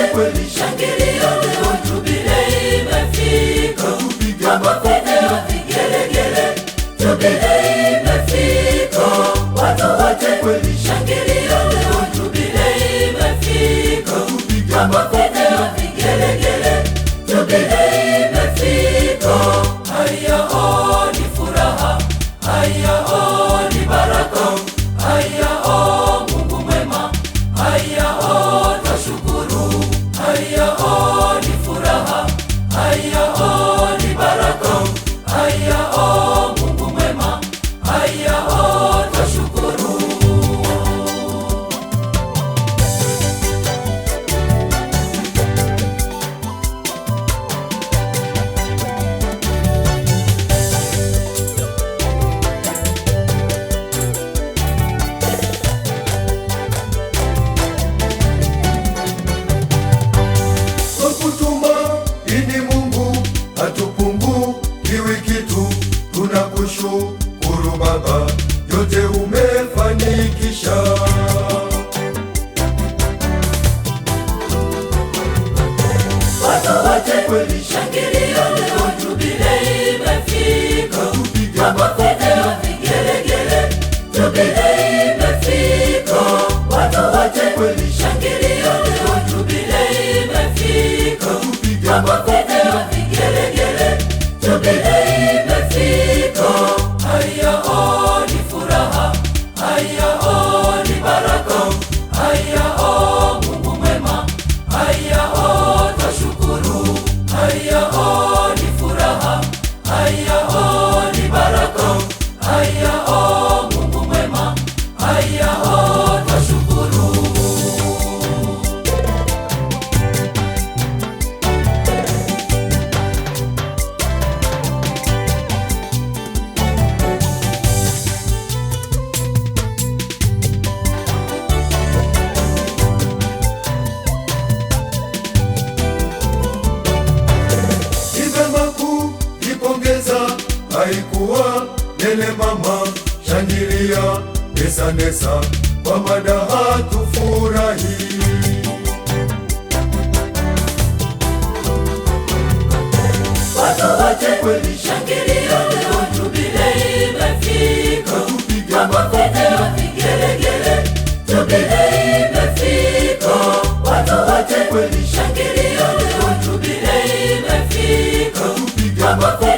wote kweli, shangilia leo Jubilee imefika, kupiga makofi na vigelegele, Jubilee imefika, watu wote kweli, shangilia leo Jubilee imefika, kupiga makofi água Chele mama, shangilia, nesa nesa, kwa madaha tufurahi. Watu wote kweli, shangilia, leo jubilei imefika, kwa makofi na vigelegele, jubilei imefika. Watu wote kweli, shangilia, leo jubilei imefika, kwa makofi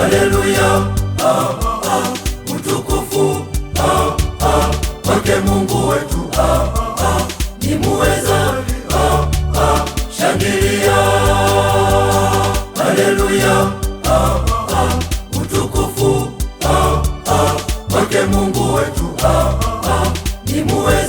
Haleluya, ah, ah, oh, oh, oh. utukufu ah, ah, wake Mungu wetu ah, ah, ni muweza ah, ah, shangilia Haleluya, ah, ah, utukufu ah, ah, wake Mungu wetu ah, ah, ni muweza